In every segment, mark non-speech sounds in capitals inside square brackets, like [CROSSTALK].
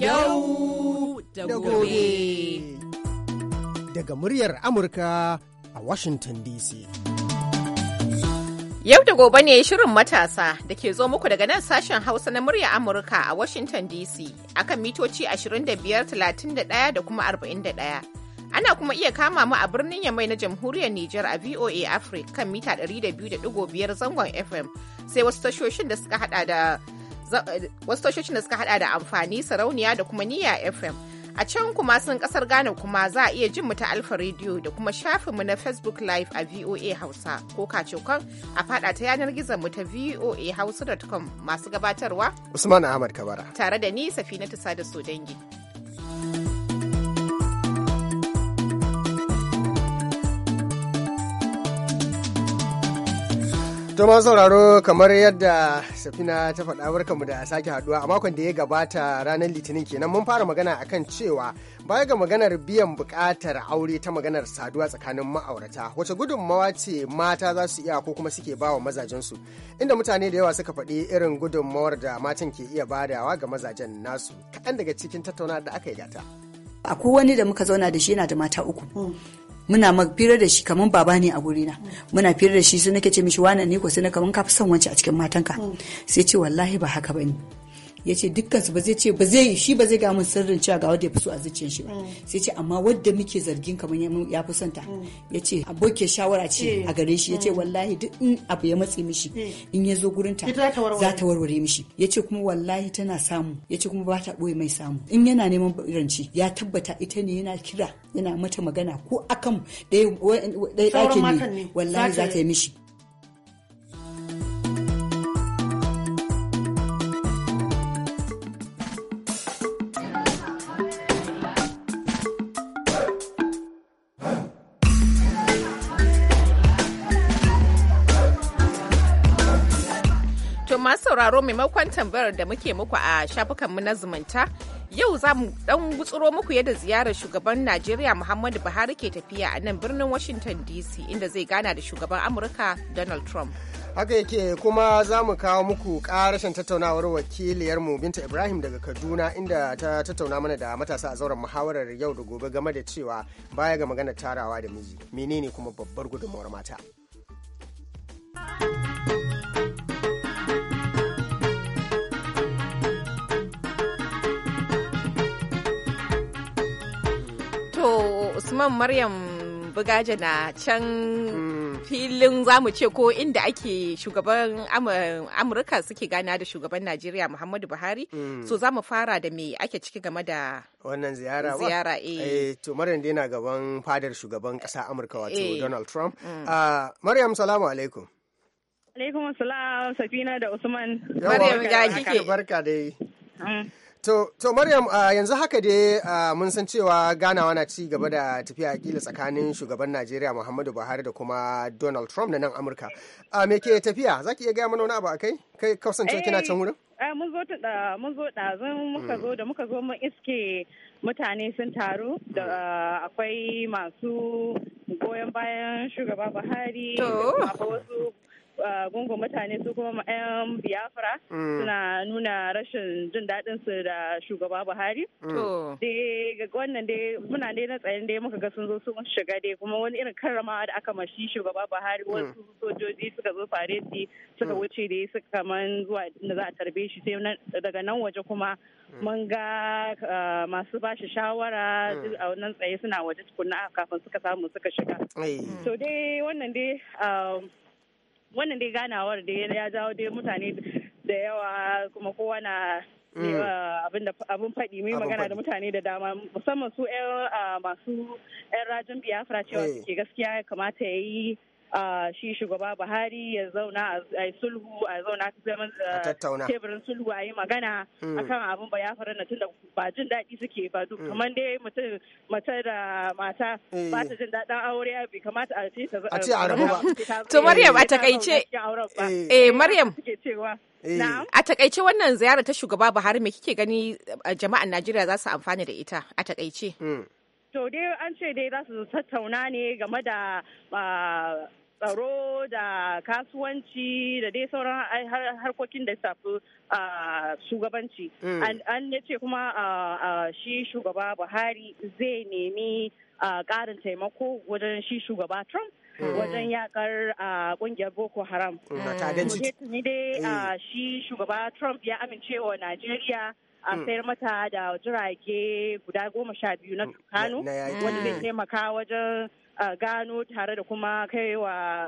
Yau da gobe. Daga muryar Amurka a Washington DC. Yau da gobe ne shirin matasa da ke zo muku daga nan sashen Hausa na murya Amurka a Washington DC akan mitoci 25,31 da kuma 41. Ana kuma iya kama mu a birnin Yamai na Jamhuriyar Nijar a VOA Africa kan mita 200.5 zangon FM sai wasu tashoshin da suka hada da wasu tashocin da suka hada da amfani sarauniya da kuma niyya fm a can kuma sun kasar gane kuma za a iya jin mu ta alfa rediyo da kuma mu na facebook live a voa hausa ko kacokan a fada ta yanar gizon mu ta voa hausa.com masu gabatarwa usman ahmad kabara tare da ni safinatu sada dangi. To ma sauraro kamar yadda Safina ta faɗa mu da sake haduwa a makon da ya gabata ranar Litinin kenan mun fara magana akan cewa baya ga maganar biyan buƙatar aure ta maganar saduwa tsakanin ma'aurata wace gudunmawa ce mata za su iya ko kuma suke bawa mazajensu inda mutane da yawa suka faɗi irin gudunmawar da matan ke iya badawa ga mazajen nasu kaɗan daga cikin tattauna da aka yi gata. akwai wani da muka zauna da shi yana da mata uku hmm. muna fira da shi kamar baba ne a guri na muna fira da shi sai nake ce mishi wannan ne ko sai na kaman ka fi son wance a cikin matanka mm. sai ce wallahi ba haka bane ya ce dukkan su ba zai ce shi ba zai ga mun sirrin cewa ga wanda ya fi so a zuciyar shi ba mm. sai ce amma wadda muke zargin kamar ya fi son ta mm. ya ce aboke shawara ce mm. a gare shi ya ce wallahi duk in abu ya matse mishi in ya zo gurin ta za ta warware mishi ya ce kuma wallahi tana samu ya ce kuma ba ta boye mai samu in yana neman ranci ya tabbata ita ne yana kira yana mata magana ko akan ɗaya ɗakin ne wallahi za ta yi mishi sauraro maimakon tambayar da muke muku a shafukanmu na zumunta yau za mu dan gutsuro muku yadda ziyarar shugaban najeriya muhammadu buhari ke tafiya a nan birnin washington dc inda zai gana da shugaban amurka donald trump haka yake kuma za mu kawo muku karashin tattaunawar wakiliyarmu binta ibrahim daga kaduna inda ta tattauna mana da matasa a zauren muhawarar yau da gobe game da cewa baya ga magana tarawa da miji menene kuma babbar gudunmawar mata usman maryam bugaje na can hmm. filin zamu ce ko inda ake shugaban amurka suke gana da shugaban najeriya muhammadu buhari hmm. so za mu fara da me ake ciki game da wannan ziyara ziyara eh. eh to maryam dai na gaban fadar shugaban kasa amurka wato eh. donald trump hmm. ah, maryam salamu alaikum alaikum salam safina da usman maryam ga kike barka dai To, to Maryam uh, yanzu haka dai uh, mun san cewa ganawa na ci gaba da tafiya kila tsakanin shugaban Najeriya Muhammadu Buhari da kuma Donald Trump na nan Amurka. Uh, me ke tafiya? Za ki iya gaya mana wani abu a kai? Kai kina can eh, wurin? mun zo da mun zo da zan muka zo hmm. da muka zo mun iske mutane sun taru da hmm. akwai masu goyon bayan shugaba Buhari da wasu Uh, gungun mutane su kuma 'yan Biafra mm. suna nuna rashin jin daɗin su da shugaba Buhari. Mm. Dai wannan dai muna dai na tsayin dai muka ga sun zo sun shiga dai kuma wani irin karramawa da aka mashi shugaba Buhari mm. wasu sojoji suka zo fareti suka wuce dai suka kaman zuwa da za a tarbe shi sai daga nan waje kuma mun ga uh, masu ba shi shawara a wannan tsaye suna waje tukunna kafin suka samu suka shiga. To dai wannan um, wannan dai ganawar da ya jawo dai mutane da yawa kuma kowa na mm. abin faɗi mai magana da mutane da dama musamman su 'yan ah, masu 'yan rajin biyafra cewa eh. suke gaskiya kamata ya yi shi shugaba Buhari ya zauna a sulhu a zauna zaman eh, teburin sulhu a yi magana hmm. akan abin ba ya faru na tunda ba jin daɗi suke ba duk hmm. kamar dai mutum mata da mata ba ta eh. jin daɗin aure bai kamata a ce ta a a rabu ba to Maryam a takaice eh. eh Maryam a takaice wannan ziyara ta shugaba Buhari me kike gani jama'an Najeriya za su amfana da ita a takaice hmm. to dai an ce dai za su tattauna ne game da ah, tsaro da kasuwanci da dai sauran harkokin da shafi shugabanci mm. an ya ce kuma shi shugaba buhari zai nemi ƙarin taimako wajen shi shugaba trump mm. wajen yakar kungiyar boko haram mm. ni dai shi shugaba trump ya amincewa najeriya a sayar mata da jirage guda goma sha biyu na tukano wanda zai taimaka wajen gano tare da kuma kai wa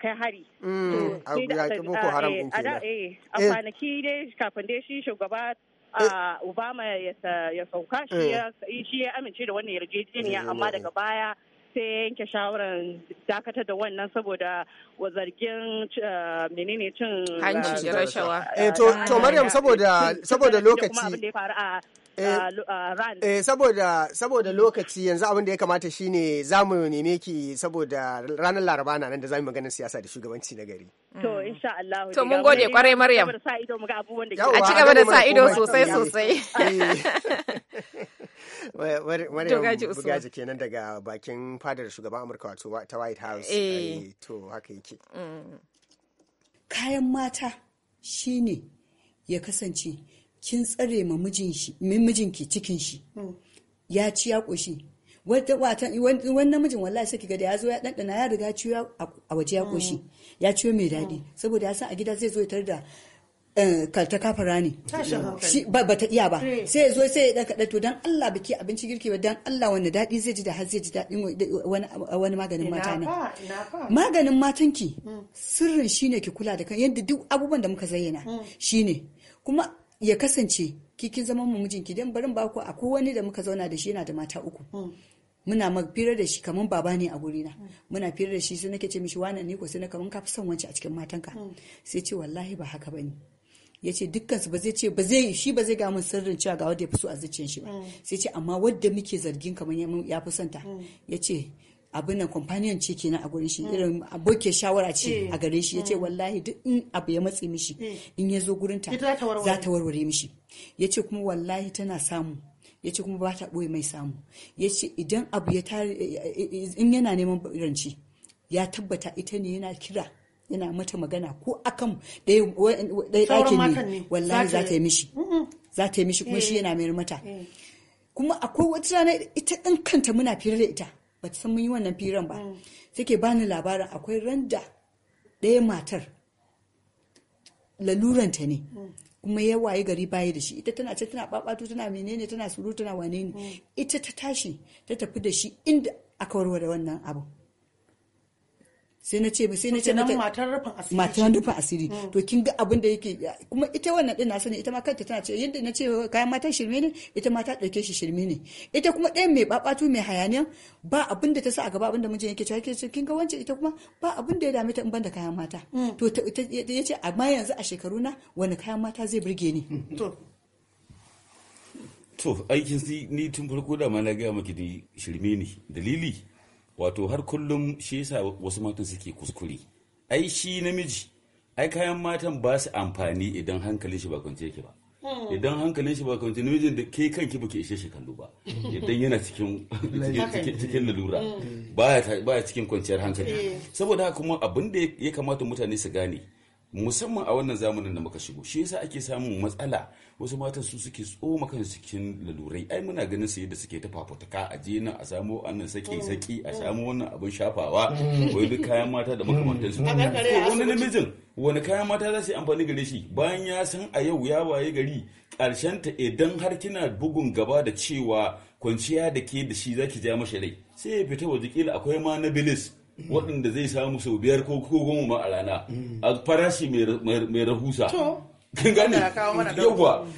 kai hari. A kwanaki dai kafin dai shi shugaba Obama ya sauka shi ya amince da wannan yarjejeniya amma daga baya sai yanke shawarar dakatar da wannan saboda zargin menene cin hanci rashawa. to Maryam saboda lokaci. Kuma abin da ya faru a Eh, a Eh, saboda saboda lokaci yanzu abin da ya kamata shine za mu neme ki saboda ranar laraba na nan da za mu maganin siyasa da shugabanci na gari. To insha Allah. To mun gode kwarai Maryam. A ci gaba da sa ido sosai sosai. [LAUGHS] Maryam kenan daga bakin fadar shugaban Amurka wato ta White House. Eh. To haka yake. Mm. Kayan mata shine ya kasance kin tsare ma mijinki cikin shi ya ci ya ƙoshi wani namijin wallahi sai kiga da ya zo ya ɗanɗana ya riga ciwo a waje ya ƙoshi ya ciwo mai daɗi saboda ya san a gida zai zo ya tar da kalta kafara ne ba ta iya ba eh. sai ya zo sai ya ɗaka to don Allah biki abinci girki ba don Allah wani daɗi zai ji da har zai ji daɗi wani maganin mata na maganin matanki mm. sirrin shine ki kula da kan yadda duk abubuwan da muka zayyana mm. shine kuma ya kasance kikin zama mu mijinki dan barin ba ku akwai wani da muka zauna da shi yana da mata uku hmm. muna magfira da shi kaman baba ne a guri na hmm. muna fira da shi sai nake ce mishi wannan ne ko sai na kaman ka fi son wance a cikin matanka hmm. sai ce wallahi ba haka bane ya ce dukkansu ba zai ce ba zai shi ba zai ga mun sirrin cewa ga wanda ya fi so a zuciyar shi ba sai ce amma wadda muke zargin kamar ya fi son ta ya ce abin nan companion ce kenan a gurin shi mm. irin aboke shawara ce mm. a gare shi yace mm. wallahi duk in abu ya matse mishi in ya zo gurin za ta warware mishi yace kuma wallahi tana samu yace kuma ba ta boye mai samu yace idan abu ya tare in yana neman ranci ya tabbata ita ne yana kira yana mata magana ko akan ɗaya ɗakin ne wallahi za ta yi mishi za ta yi mishi kuma shi eh. yana mayar mata eh. kuma akwai wata rana ita ɗan kanta muna fira da ita ba ta san mun yi wannan firan ba take mm. bani labarin akwai randa ɗaya matar laluranta ne mm. kuma ya waye gari baya da shi ita tana ce tana babatu tana menene tana suru tana wane ne mm. ita ta tashi ta tafi da shi inda aka warware wannan abu sai na ce ba sai na ce mata matar rufin asiri matar rufin asiri hmm. to kin ga abin da yake kuma ita wannan din na sani ita ma kanta tana ce yadda na ce kayan mata shirme ne ita ma ta dauke shi shirme ne ita kuma ɗayan mai babatu mai hayaniya ba abin da ta sa a gaba abin da mijin yake cewa ce kin ga wance ita kuma ba abin da ya dame ta in banda kayan mata hmm. to ya ce amma yanzu a shekaru na wani kayan mata zai burge ni hmm. to to aikin ni tun farko da ma na ga miki shirme ne dalili wato har kullum shi yasa wasu matan suke kuskure ai shi namiji ai kayan matan ba su amfani idan hankalin shi ba kwance yake ba hmm. idan hankalin shi ba kwance namijin da ke kanki baki ishe shi kallo ba hmm. idan yana cikin cikin lalura hmm. ya cikin kwanciyar hankali eh. saboda haka kuma abin da ya kamata mutane su gane musamman a wannan zamanin da muka shigo shi yasa ake samun matsala wasu matan su suke tsoma kan cikin lalurai ai muna ganin su yadda suke ta fafutuka a je nan a samo annan saki mm. saki a mm. samo wannan abin shafawa mm. wai duk kayan mata da makamantan su wani namijin wani kayan mata za su yi amfani gare shi bayan ya san a yau ya waye gari karshen ta idan har kina bugun gaba da cewa kwanciya da ke da shi zaki ja mashi rai sai ya fita waje kila akwai ma na bilis waɗanda zai samu sau biyar ko goma ma a rana mm. a farashi mai rahusa kin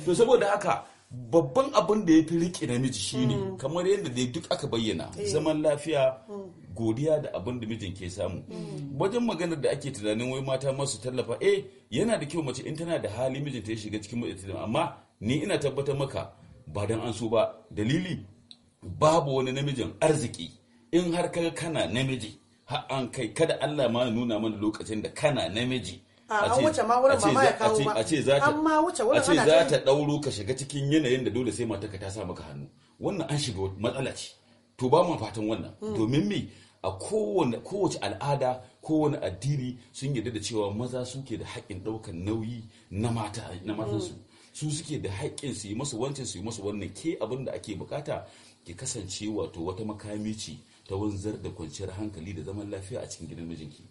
to saboda haka babban abin da ya fi riƙe namiji shine mm. kamar yadda dai duk aka bayyana eh. zaman lafiya mm. godiya da abin da mijin ke samu wajen maganar da ake tunanin wai mata masu tallafa eh yana da kyau mace in tana da hali mijin ta ya shiga cikin matsatsi amma ni ina tabbatar maka ba dan an so ba dalili babu wani namijin arziki in har kaga kana namiji an kai kada Allah ma nuna mana lokacin da kana namiji a wuce ma wurin mama ya kawo ba an ce wuce wurin ana za ta dauro ka shiga cikin yanayin da dole sai matarka ta sa maka hannu wannan an shiga matsala ce to ba mu fatan wannan hmm. domin me a kowace al'ada kowane addini sun yarda da cewa maza suke da haƙƙin ɗaukar nauyi na mata matansu hmm. su suke da haƙƙin su yi masu wancan su yi masu wannan ke abin da ake bukata ki kasance wato wata makami ce ta wanzar da kwanciyar hankali da zaman lafiya a cikin gidan mijinki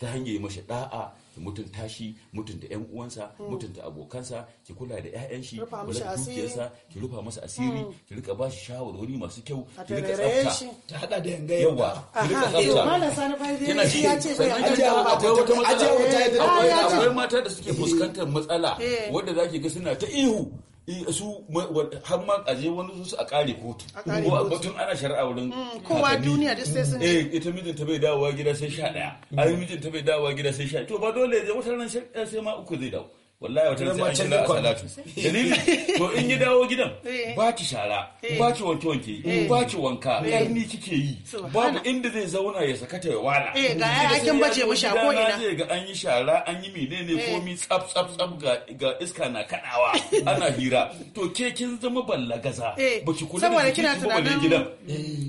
ta hanyar mashi da'a ki mutunta shi mutunta yan uwansa mm. mutunta abokansa ki kula da ƴaƴan shi kula ki rufa masa asiri mm. ki rika ba shi shawarwari masu kyau ki rika tsafta ta hada da yanga yawa ki rika tsafta ya ce sai wata matsala akwai mata da suke eh. fuskantar matsala eh. wanda zaki ga suna ta ihu E, su har ma a je wani su a kare kotu ko a batun ana shari'a wurin mm, kowa duniya duk sai sun eh ita mijinta bai dawowa gida sai sha daya ai mijinta bai dawowa gida sai sha to ba dole ya wata ran sai ma uku zai dawo wallahi wata zai an yi salatu [LAUGHS] dalili to in yi dawo gidan eh. ba ki shara eh. ba ki wanke wanke eh. ba ki wanka karni kike yi babu inda zai zauna ya sakata ya wala eh ga ya akin bace mu sha ko ina zai ga an yi shara an yi menene komi tsaf tsaf tsaf ga ga iska na kadawa [LAUGHS] ana hira to ke kin zama ballagaza ba ki kula da kina tunanin gidan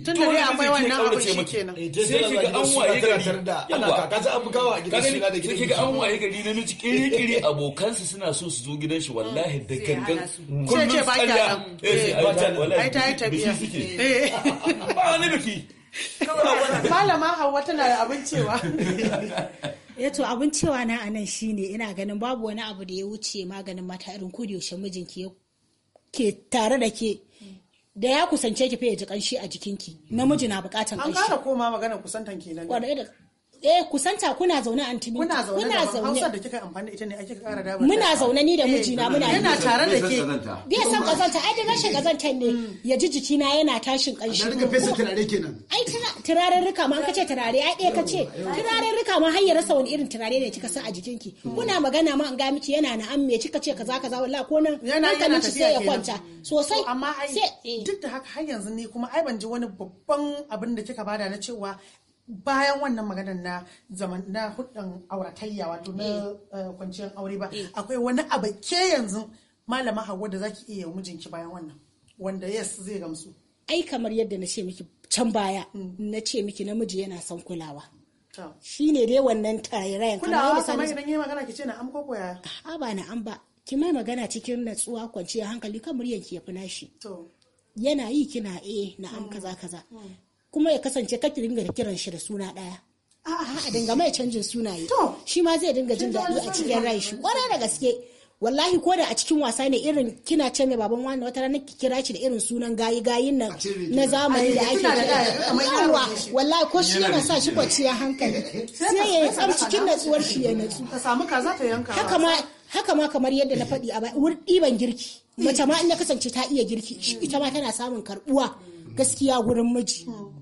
tun dai akwai wannan abin shi kenan sai ki ga an waye gari ana kaka za a bugawa a gidan shi da gidan ki ga an waye gari na miji kiri kiri abokan nasu suna so su zo gidan shi wallahi hmm, da gangan kullum tsalla eh, eh ai ta yi tafiya eh. [LAUGHS] ba wani biki malama hawa tana da abin cewa ya [LAUGHS] eh, to abin cewa na anan shine ina ganin babu wani abu da ya wuce maganin mata irin ko yaushe mijinki ke tare da ke da ya kusance ki fa ya ji kanshi a jikinki namiji na bukatan kanshi an kara koma magana kusantan kenan eh kusanta kuna zaune anti kuna zaune kuna zaune Hausa da kika amfani ita ne ake kara da muna zaune ni da eh, mijina muna yana tare da ke biya san kazanta ai da rashin kazanta mm. ne mm. ya ji jiki na yana tashin kanshi da rika fesa turare kenan ai turaren rika ma kace turare ai ɗaya kace turaren rika ma har ya rasa wani irin turare ne kika san a jikinki mm. kuna magana ma an ga miki yana na an me kika ce kaza kaza wallahi ko nan hankalin shi sai ya kwanta sosai amma ai eh. duk da haka har yanzu ni kuma ai ban ji wani babban abin da kika bada na cewa bayan wannan maganar na zaman na hudun auratayya wato na eh. Eh, kwanciyar aure ba eh. akwai wani abu ke yanzu malama hawa da zaki iya mijinki bayan wannan wanda yes zai gamsu ai kamar yadda na ce miki can baya hmm. na ce miki namiji yana son kulawa shi ne dai wannan tarairayan kulawa kamar idan yayi magana ki ce na am ko koya a ba na am ba ki mai magana cikin natsuwa kwanciyar hankali kan yanki ya ya shi to yana yi kina eh na am hmm. kaza kaza hmm. kuma ya kasance kake dinga kiran shi da suna ɗaya. Ah. A'a a dinga mai canjin sunaye. shi ma zai dinga jin daɗi a cikin rai shi. kwarai da gaske wallahi ko da a cikin wasa ne irin kina ce mai baban wani wata ranar ki kira shi da irin sunan gayi gayin nan na zamani da ake kira wallahi ko shi yana sa shi ya hankali [LAUGHS] sai ya yi tsam cikin natsuwar shi ya natsu ka samu kaza ta yanka haka ma haka ma kamar yadda na faɗi a wurin ɗiban girki mace ma in ya kasance ta iya girki ita ma tana samun karɓuwa gaskiya gurin miji hmm.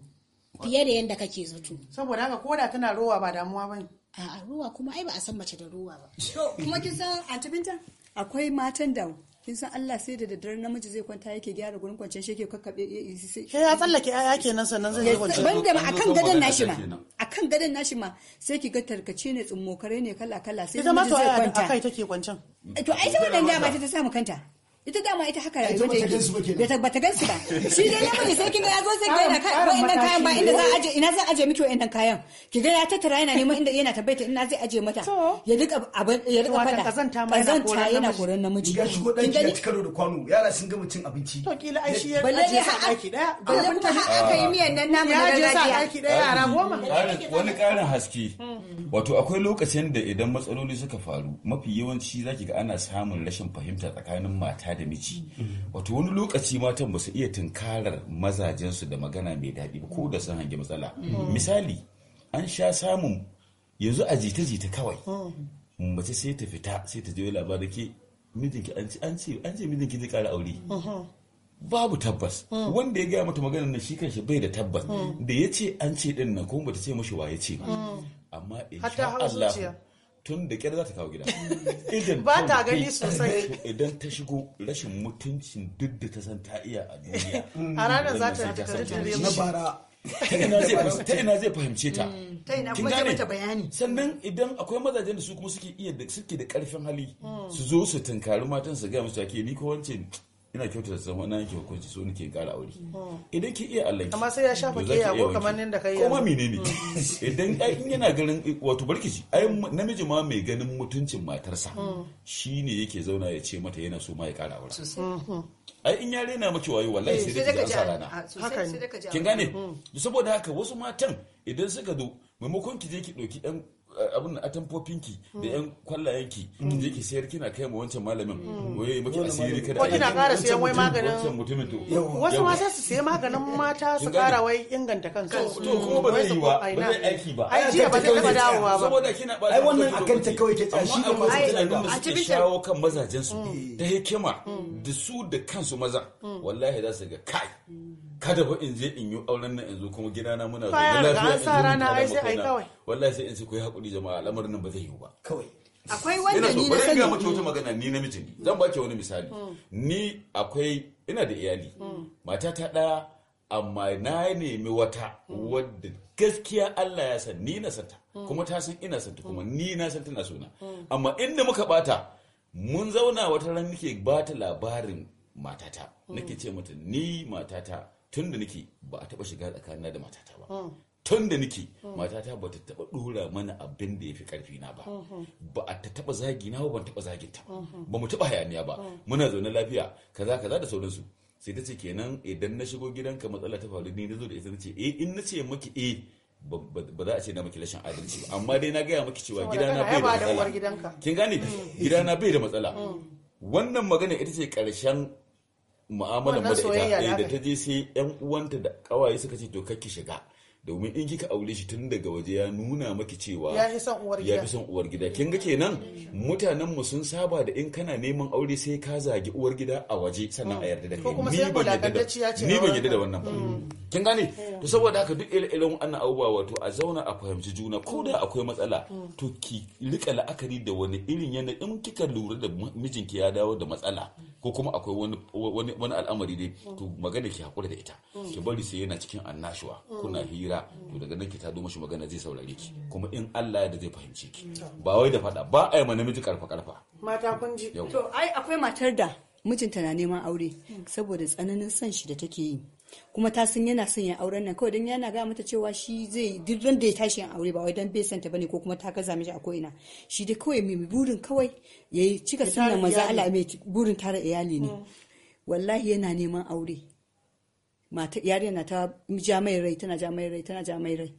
fiye da yadda kake zato saboda haka koda tana rowa ba damuwa ba ne. a'a rowa kuma ai ba a san mace da rowa ba kuma kin san antibinta akwai matan da kin san Allah sai da daddare namiji zai kwanta yake gyara gurin kwanciyar shi yake kakkabe eh, eh, sai ya tsallake aya kenan sannan zai yi kwanciya banda ma akan gadon nashi ma akan gadon nashi ma sai ki ga tarkace ne tsummokare ne kala kala sai namiji zai kwanta ita ma to akai take kwancan eh, to ai ta wannan dama ta samu kanta ita dama ita haka rayuwa ta yake ba ta gansu ba shi dai namiji sai kinga ya zo sai ga yana kai wa'annan kayan ba inda za a aje ina za a aje miki wa'annan kayan ki ga ya tattara yana neman inda yana tabbata ina zai aje mata ya rika abin ya rika fada kazanta mai yana koran namiji ya shigo dan ya karo da kwano yara sun gama cin abinci to kila ai shi ya aje sa aiki daya balle kuma har aka yi miyan nan namu da ya sa aiki daya yara goma wani karin haske hmm. wato akwai lokacin da idan matsaloli suka faru mafi yawanci zaki ga ana samun rashin fahimta tsakanin mata da miji wato wani lokaci matan ba su iya tunkarar mazajensu da magana mai daɗi ba ko da sun hangi matsala misali an sha samun yanzu a jita-jita kawai mace sai ta fita sai ta je labarin ke mijinki an ce an ce mijinki zai kara aure babu tabbas wanda ya gaya mata magana na shi kanshi bai da tabbas da ya ce an ce din nan ko bata ce mashi wa ya ce ba amma in sha Allah tun da kyar za ta kawo gida [LAUGHS] idan ba ta gani sosai [LAUGHS] idan ta shigo rashin mutuncin duk da ta san ta iya a duniya [LAUGHS] a ranar za ta ta tare na bara ta ina zai fahimce ta mm. ta ina kuma zai mata bayani sannan idan akwai mazajen da su kuma suke iya da suke da karfin hali su zo su tunkari matan su ga musu ake ni ko wancan ina kyautata zama na yake hukunci so nake kara aure hmm. idan ki iya Allah amma sai ya shafa ke yago kamar nan da kai kuma menene hmm. [LAUGHS] idan in yana ganin wato barkici ai namiji ma mai ganin mutuncin matarsa hmm. shine yake zauna ya ce mata yana so ma ya kara aure ai in ya rena maki wayo wallahi eh, sai dai ka sa rana kin gane saboda haka wasu matan idan suka zo maimakon ki je ki ɗauki ɗan abin atamfofinki da yan kwallayenki ki je ki sayar kina kai ma wancan malamin hmm. waye maki asiri kada ko kina ƙara sayan wai maganin wasu ma sai su sayi maganin mata su ƙara wai inganta kansu to kuma ba zai yi ba ba zai aiki ba ai jiya ba zai taba dawowa ba saboda kina ba ai wannan akan ta kawai ke tsashi da ba zai tunanin da shawo kan mazajen su da hmm. hikima hmm. da su da kansu maza wallahi za su ga kai kada ba in je in yi auren nan yanzu kuma gida na muna zuwa lafiya in zo rana ai sai ai kawai wallahi sai in hakuri jama'a al'amarin nan ba zai yiwu ba kawai akwai wanda ni na sani ina so wata magana ni namiji ne zan baki wani misali hmm. ni akwai ina da iyali hmm. mata ta daya amma na nemi wata hmm. wadda gaskiya Allah ya san ni na santa kuma ta san ina santa kuma ni na san tana suna amma inda muka bata mun zauna wata ran nake ba ta labarin matata nake ce mata ni matata tun da nake ba a taɓa shiga tsakanina da matata ba hmm. tun da nake hmm. matata ba ta taɓa ɗora mana abin da ya fi ƙarfi na ba hmm, ba a ta taɓa zagi na ba ban taɓa zagin ta ba mu taɓa hayaniya ba muna zaune lafiya kaza kaza da sauransu sai ta ce kenan idan na shigo gidanka matsala ta faru ni na zo da ita na ce eh in na ce maki eh ba za a ce na maki rashin adalci ba amma dai na gaya maki cewa gidana bai da matsala kin gane gidana bai da matsala wannan magana ita ce karshen mu'amalar mu da ita da eh, ta je sai yan uwanta da kawaye suka ce to kake shiga domin in kika aure shi tun daga waje ya nuna maki cewa ya fi son uwar gida kin ga kenan mutanen mu sun saba da in kana neman aure sai ka zagi uwar gida a waje sannan a yarda da kai ni ban yarda da ni ban yarda da wannan ba mm. kin gane mm. to saboda haka duk irin wannan abubuwa wato a zauna a fahimci juna ko da mm. akwai matsala to ki rika la'akari da wani irin yana in kika lura da mijinki ya dawo da matsala ko kuma akwai wani wani al'amari dai to magana ki hakura da ita ki bari sai yana cikin annashuwa kuna hira gaskiya to daga nan ki ta mashi magana zai saurare ki kuma in Allah ya da zai fahimce ki ba wai da faɗa ba a yi namiji karfa karfa mata kun ji to ai akwai matar da mijinta na neman aure saboda tsananin son shi da take yi kuma ta san yana son ya auren nan kawai don yana ga mata cewa shi zai duk da ya tashi yan aure ba wai dan bai ta bane ko kuma ta gaza mishi a ko ina shi dai kawai mai burin kawai yayi cika sunan maza Allah mai burin tara iyali ne mm. wallahi yana neman aure mata yarinya na ta ja mai rai tana ja mai rai tana ja mai rai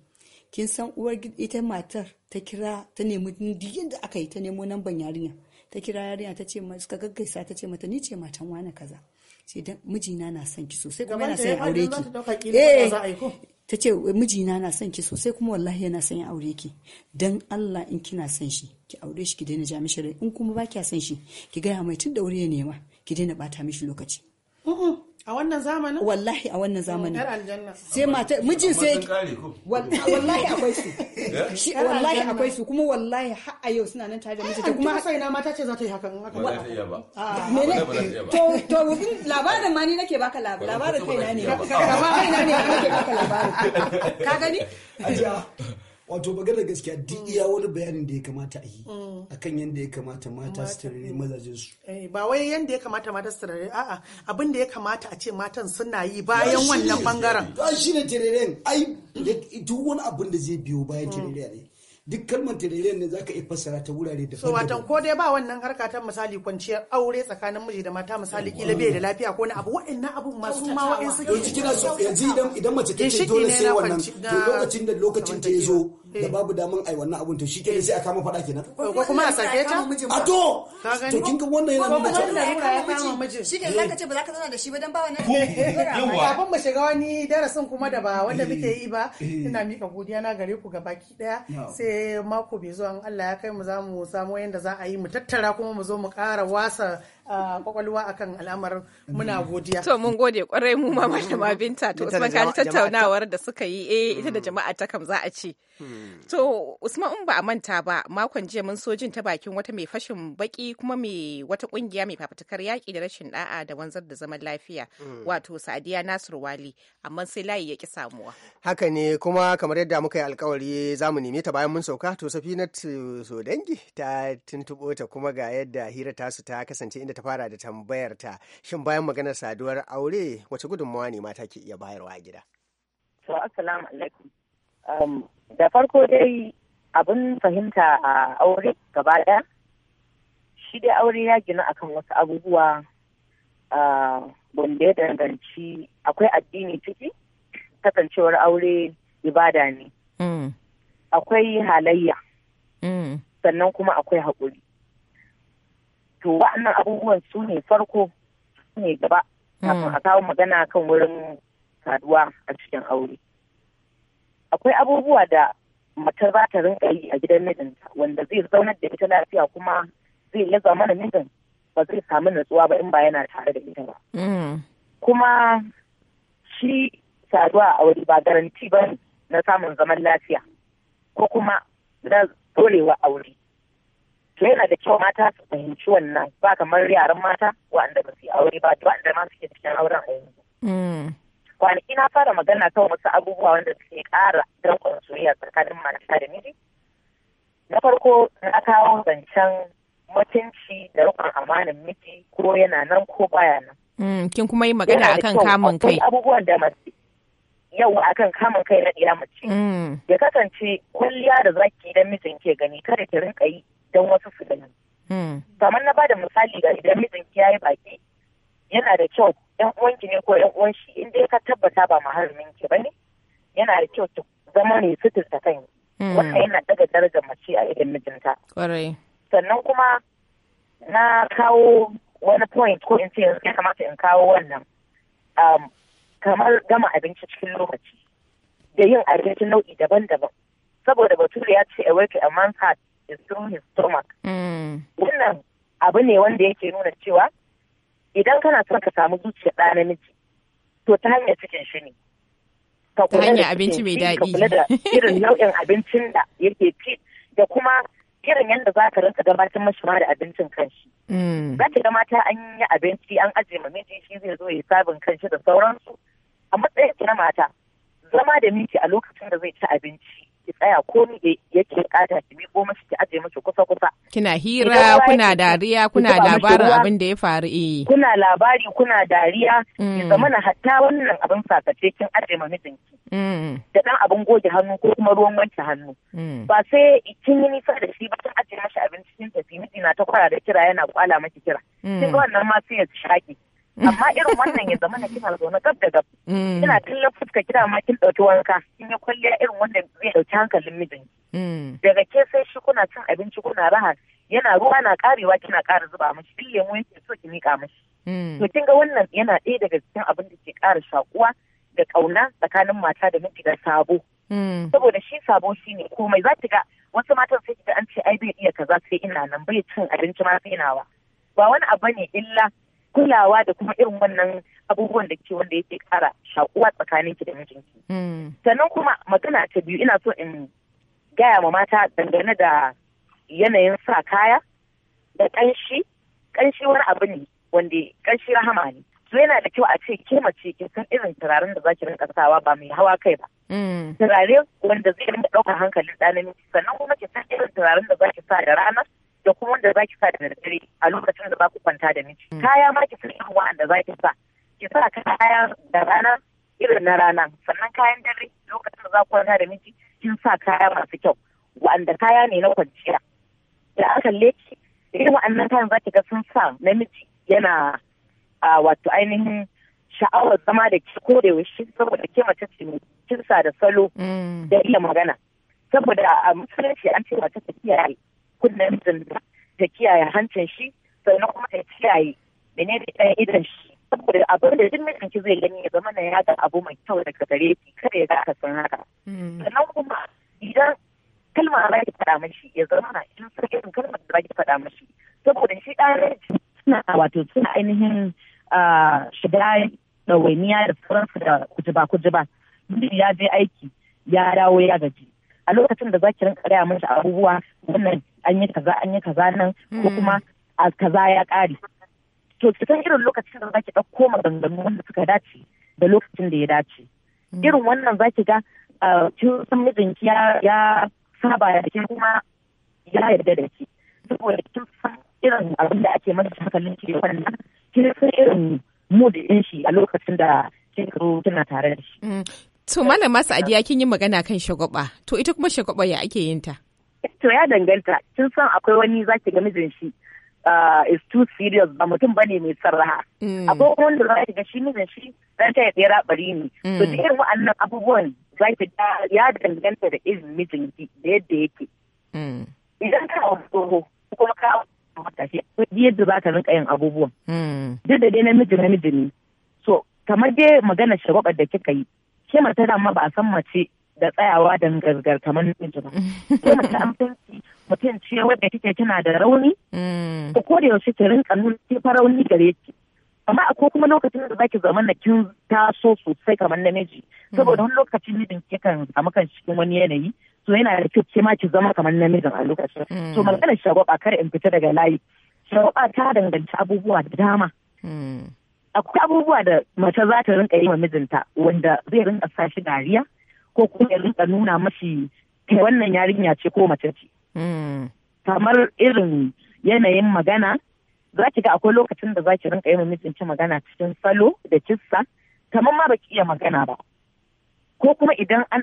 kin san uwar ita matar ta kira ta nemi duk yadda aka yi ta nemo namban yarinya ta kira yarinya ta ce suka gaggaisa ta ce mata ni ce matan wani kaza sai dan mijina na son ki sosai kuma yana son ya aure ki eh ta ce mijina na son ki sosai kuma wallahi yana son ya aure ki dan Allah in kina son shi ki aure shi ki daina ja mishi rai in kuma ba kya son shi ki gaya mai tun da wuri ya nema ki daina bata mishi lokaci a wannan zamanin wallahi a wannan zamanin sai mata mijin sai wallahi akwai su eh? wallahi akwai su kuma wallahi har a yau suna nan tare da mijinta kuma sai na mata ce za ta yi hakan ah. to to labarin ma ni nake baka labarin na ne na ne nake baka labarin ka gani [LAUGHS] wato magana gaskiya duk mm. iya wani bayanin da ya kamata a yi mm. akan yadda ya kamata mata su tarare mazajen su eh, ba wai yadda ya kamata mata su tarare a'a abin da ya kamata a ce matan suna yi bayan wannan bangaren shi ne tarare ai duk wani abin da zai biyo bayan mm. tarare ne duk kalmar tarayya ne zaka iya fassara ta wurare da so watan ko dai ba wannan harka ta misali kwanciyar aure tsakanin miji da mata misali kila bai da lafiya ko na abu wa'annan abun masu ma wa'in ke yanzu idan mace ta ce dole sai wannan to lokacin da lokacin ta ya zo da eh. babu daman ai wannan abun to shikenan sai a kama fada kenan ko kuma a sake ta a to to kin ga wannan yana nuna cewa ya kama mijin shikenan eh. zaka ce ba za ka zauna da shi ba dan ba wannan kafin mu shiga wani darasin kuma da ba wanda eh. muke yi ba ina mika godiya na gare ku gabaki daya sai mako bai zuwa an Allah ya kai mu za mu samu yanda za a yi mu tattara kuma mu zo mu ƙara wasa kwakwalwa akan alamar muna mm. godiya. To mun gode kwarai mu ma malama mm. binta to Usman kaji tattaunawar da suka yi eh ita da mm. jama'a ta kam za a ce. Hmm. To Usman in ba a manta ba makon jiya mun so jin ta bakin wata mai fashin baki kuma mai wata kungiya mai fafutukar yaki da rashin da'a da wanzar da zaman lafiya hmm. wato Sadiya Nasiru Wali amma sai layi ya ki samuwa. Haka ne kuma kamar yadda muka yi alkawari za mu neme ta bayan mun sauka to Safinatu Sodangi ta tuntuɓo ta kuma ga yadda hira tasu ta kasance inda ta fara da tambayar ta shin bayan maganar saduwar aure wace gudunmawa ne mata ke iya bayarwa a gida to assalamu alaikum um, da farko dai abin fahimta a aure gaba ɗaya shi dai aure ya gina akan wasu abubuwa wanda ya danganci akwai addini ciki kasancewar aure ibada ne mm. akwai halayya mm. sannan kuma akwai haƙuri to wa'annan abubuwan su ne farko su ne gaba kafin a kawo magana kan wurin saduwa a cikin aure akwai abubuwa da matar za ta rinka yi a gidan mijinta wanda zai zaunar da ita lafiya kuma zai iya zama da mijin ba zai samu natsuwa ba in ba yana tare da ita ba mm. kuma shi saduwa a aure ba garanti ba na samun zaman lafiya ko kuma na dorewa aure to yana da kyau mata su fahimci wannan ba kamar yaran mata wanda ba su yi aure ba da wanda ma suke cikin auren a yanzu. Mm. Kwanaki na fara magana kan wasu abubuwa wanda suke ƙara danƙon soyayya tsakanin mata da miji. Na farko na kawo zancen mutunci da rukun amanin miji ko yana nan ko baya nan. Mm, kin kuma yi magana akan kamun kai. Abubuwan da mace yau akan kamun kai na ɗiya mace. Mm. Ya kasance kwalliya da zaki dan mijin ke gani kada ki rinka yi don wasu su gani. Kamar hmm. na bada misali ga idan mijinki ya yi baki yana da kyau yan uwanki ne ko yan uwan shi in dai ka tabbata ba maharumin ki ne. yana da kyau ki zama ne suturta kan hmm. wannan yana daga darajar mace a idan mijinta. Kwarai. Sannan kuma na kawo wani point ko in ce ya kamata in kawo wannan um, kamar gama abinci cikin lokaci da yin abinci nau'i daban-daban saboda bature ya ce a work a man's is stomach. Mm. Wannan abu ne wanda yake nuna cewa idan kana son ka samu zuciya ɗa namiji to ta hanyar cikin shi ne. Ka kula abinci mai daɗi. Ka kula da irin nau'in abincin da yake ci da kuma irin yadda za ka rinka gabatar mashi ma da abincin kanshi. Mm. Za ka ga mata an yi abinci an ajiye ma miji shi zai zo ya sabin kanshi da sauransu. A matsayin na mata zama da miji a lokacin da zai ci abinci ki tsaya ko ni yake kada ki miƙo mashi ki aje mashi kusa kusa kina hira kuna dariya kuna labarin abin da ya faru eh kuna labari kuna dariya ki mm. zama na hatta wannan abin sakace kin aje ma mijinki mm. da dan abin goge hannu ko kuma ruwan wanke hannu mm. ba sai kin yi nisa da shi ba kin aje mashi abinci kin tafi miji na ta kwara da kira yana kwala maki kira kin ga wannan ma sai ya shaki amma irin wannan ya zama na kina zaune gab da gab mm. kina kallon fuska kina ma kin ɗauki wanka kin yi kwalliya irin wannan zai dauki hankalin mijin mm. daga ke sai shi kuna cin abinci kuna raha yana ruwa na karewa kina kara zuba mishi in lemu yake so ki mika mishi mm. to kin ga wannan yana ɗaya daga cikin abin da ke kara shakuwa da kauna tsakanin mata da miji da sabo saboda shi sabo shi ne komai za ki ga wasu matan sai ki ga an ce ai bai iya kaza sai ina nan bai cin abinci ma sai nawa ba wani abu ne illa kulawa da kuma irin wannan abubuwan da ke wanda yake kara shakuwa tsakanin ki da mijinki. Hmm. Sannan kuma magana ta biyu ina so in gaya ma mata dangane da yanayin sa kaya da ƙanshi ƙanshi wani abu ne wanda ƙanshi rahama ne. So yana da kyau a ce ke mace ki san irin turaren da zaki rinka sawa ba mai hawa kai ba. Hmm. Turare wanda zai rinka ɗaukar hankalin ɗanami sannan kuma ki san irin turaren da zaki sa da rana da kuma wanda za ki sa da daddare a lokacin da za ku kwanta da miji. Mm. Kaya ma ki sanya wa'anda za ki sa. Ki sa kaya da rana irin na rana sannan kayan dare lokacin da za ku kwanta da miji kin sa kaya masu kyau wa'anda kaya ne na kwanciya. Da aka leki irin wa'annan kayan za ki ga sun sa namiji yana a wato ainihin sha'awar zama da ke ko da yaushe saboda ke mace ce kinsa da salo mm. da iya magana saboda a musulunci an ce mace ta kiyaye kunnen zunda ta kiyaye hancin shi sannan kuma ta kiyaye mene da ɗan idan shi saboda abin da duk mutum ki zai gani ya zama na ya ga abu mai kyau daga gare ki kada ya ga aka san haka mm. sannan kuma idan kalma a baki faɗa mashi ya zama na in san irin kalmar da baki faɗa mashi saboda shi ɗan suna wato suna ainihin shiga ɗawainiya da sauransu da kujiba kujiba ya je aiki ya dawo ya gaji a lokacin da za ki rinka gaya mashi abubuwa wannan an yi kaza an yi kaza nan ko kuma hmm. a kaza ya kare to cikin irin lokacin da zaki ɗauko maganganu wanda suka dace da lokacin da ya dace hmm. irin wannan zaki ga kin san mijinki ya saba da ke kuma ya yarda da ke saboda kin san irin abin da ake masa hankalin ke wannan kin san irin mood din shi a lokacin da kin zo kina tare da shi hmm. to malama sa'adiya kin yi magana kan shagwaba to ita kuma shagwaba ya ake yin ta to ya danganta kin san akwai wani zaki ga mijin shi uh, is too serious ba mutum ba ne mai sarraha. Mm. Akwai wanda za ga shi mijin shi zan ta ya tsera bari ne. To da mm. irin wa'annan abubuwan za ya danganta da irin mijin shi da yadda yake. Mm. Idan ka hau tsoho kuma ka hau matashi yadda za ka rinka yin abubuwan. Duk da dai na mijin ne. So kamar dai magana shagwabar da kika yi. Ke mace dama ba a san mace da tsayawa da gargar kamar nufin ba. Kuma mace an mutum ce wadda kike kina da rauni, mm. ko da yaushe ki rinka nuna fa rauni gare ki. amma ko kuma lokacin da zaki zama na kin taso sosai kamar namiji mm. saboda wani lokacin mijin kan samu kan cikin wani yanayi to yana da kyau ke ma ki zama kamar namijin a lokacin mm. to magana shagwaba kar in fita daga layi shagwaba ta danganci abubuwa da dama akwai abubuwa da mace za ta rinka yi wa mijinta wanda zai rinka sa shi dariya ko kuma ya rinka nuna mashi kai wannan yarinya ce ko mace ce. Hmm. Kamar irin yanayin magana za ki ga akwai lokacin da za ki rinka yi ci magana cikin salo da kissa kamar ma baki iya magana ba. Ko kuma idan an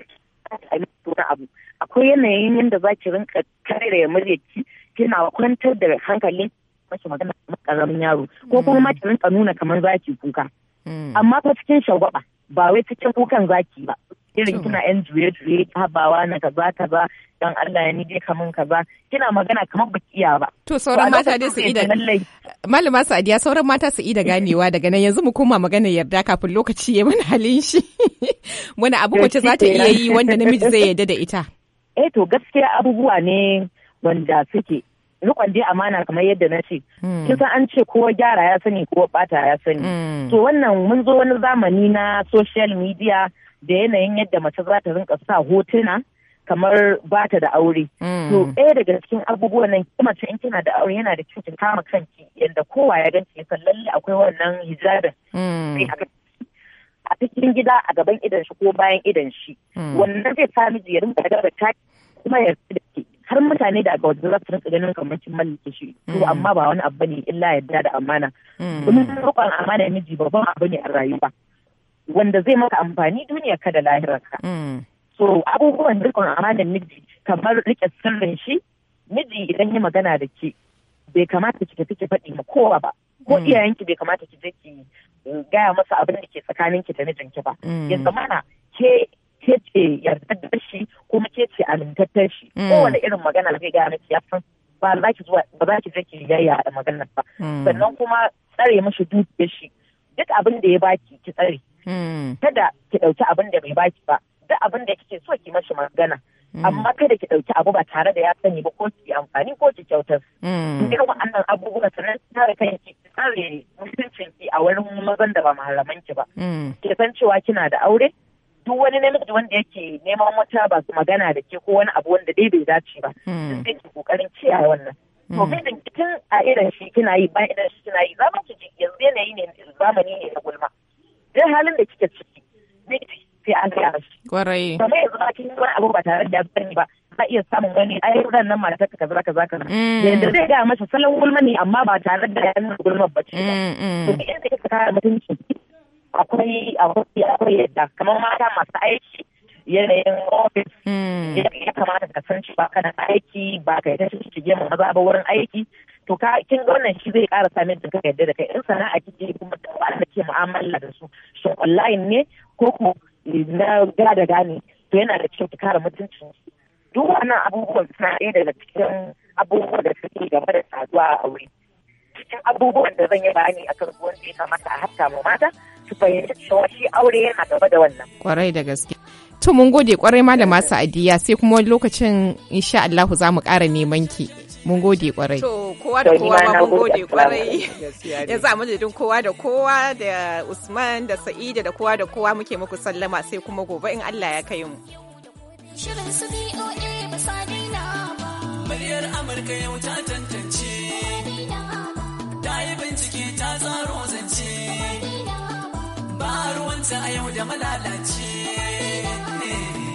wani abu akwai yanayin yadda za ki rinka kare ya muryarki kina kwantar da hankalin mashi magana kamar karamin yaro ko kuma ma ki rinka nuna kamar za ki kuka. Hmm. Amma fa cikin shagwaba ba wai cikin kukan zaki ba irin kina yan juye-juye habawa na kaza ba dan Allah ya ni dai kamun kaza kina magana kamar baki iya ba to sauran mata dai su ida malama Sadiya sauran mata su ida ganewa daga nan yanzu mu koma magana yarda kafin lokaci ya mana halin shi [LAUGHS] wani abu wacce za ta iya yi wanda namiji zai yarda da ita [LAUGHS] eh to gaskiya abubuwa ne wanda suke rikon dai amana kamar yadda na ce hmm. kin san an ce ko gyara ya sani ko bata ya sani hmm. to wannan mun zo wani zamani na social media da yanayin yadda mace za ta rinka sa hotuna kamar ba ta da aure. Mm. To ɗaya daga cikin abubuwan nan mace in kina da aure yana da kyau kama kanki yadda kowa ya ganci ya san lalle akwai wannan hijabin. Mm. A cikin gida a gaban idan shi ko bayan idan shi. Mm. Wannan zai sa miji ya rinka gaba ta kuma ya da ke har mutane da aka wajen za su rinka ganin kamar kin mallake shi. To amma ba wani abu ne illa yadda da amana. Domin roƙon amana miji babban abu ne a rayuwa. wanda zai maka amfani duniya ka da lahirarka. Mm. So abubuwan rikon amanan miji kamar rike sirrin shi miji idan ya magana da ke bai kamata ki tafi ki faɗi ma kowa ba ko mm. iyayenki bai kamata ki je ki eh, gaya masa abin da ke tsakanin ki da mijinki ba mm. ya zamana ke ke ce da shi kuma ke ce amintattar shi kowane irin magana zai gaya miki ya san ba za ki zuwa ba za ki je ki yayya da maganar ba sannan kuma tsare mashi dukiyar shi duk abin da ya baki ki tsare Hmm. Kada ki ɗauki abin da bai baki ba, duk abin da kike so ki mashi magana. Hmm. Amma kada ki ɗauki abu ba tare da ya sani ba ko ki amfani ko ki kyautar. Hmm. Ina wa'annan abubuwa sanan tare ki tsare mutuncin ki a wurin mazan da ba malaman ki ba. Ki san cewa kina da aure duk wani namiji wanda yake neman wata ba su magana da ke ko wani abu wanda dai bai dace ba. Sai ki kokarin kiyaye wannan. To mijin tun a irin shi kina yi ba irin shi kina yi za ki ji yanzu yanayi ne zamani ne na gulma. duk halin da kike ciki ne sai an ga shi. Kwarai. Kamar yanzu ba kin wani abu ba tare da sani ba za iya samun wani ai ran nan mata ka kaza kaza kaza. Mm. Yanda zai ga masa salon gulma ne amma ba tare da yanar gulma ba ce. Mm, mm. To yanda kika kare mutunci akwai akwai akwai yadda kamar mata masu aiki yanayin ofis ya kamata ka san ba kana aiki ba ka yi ta shige maza ba wurin aiki to ka kin wannan shi zai kara samin ka yadda da kai in sana'a kike kuma da wanda ke mu'amala da su so online ne ko ko na gada gane to yana da kyau ki kara mutuncin duk wannan abubuwan suna ɗaya daga cikin abubuwan da suke gaba da saduwa a aure cikin abubuwan da zan yi bayani a kan ruwan da ya kamata a hatta mu mata su fahimci cewa shi aure yana gaba da wannan kwarai da gaske to mun gode kwarai ma da adiya sai kuma lokacin insha Allah za mu ƙara neman ki mun gode kwarai to kowa da kowa ma mun gode kwarai [LAUGHS] ya za mu jidun kowa da kowa da Usman da Sa'ida da kowa da kowa muke muku sallama sai kuma gobe in Allah ya kai mu shirin muryar Amurka yau ta tantance ta yi bincike ta tsaro zance ba ruwanta a yau da malalace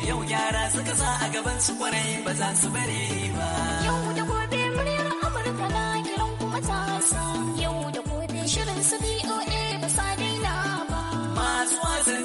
yau gyara suka sa a gaban su kwarai ba za su bare ba yau matasa yau da gobe shirin su BOA ba sa daina ba. Masu wasan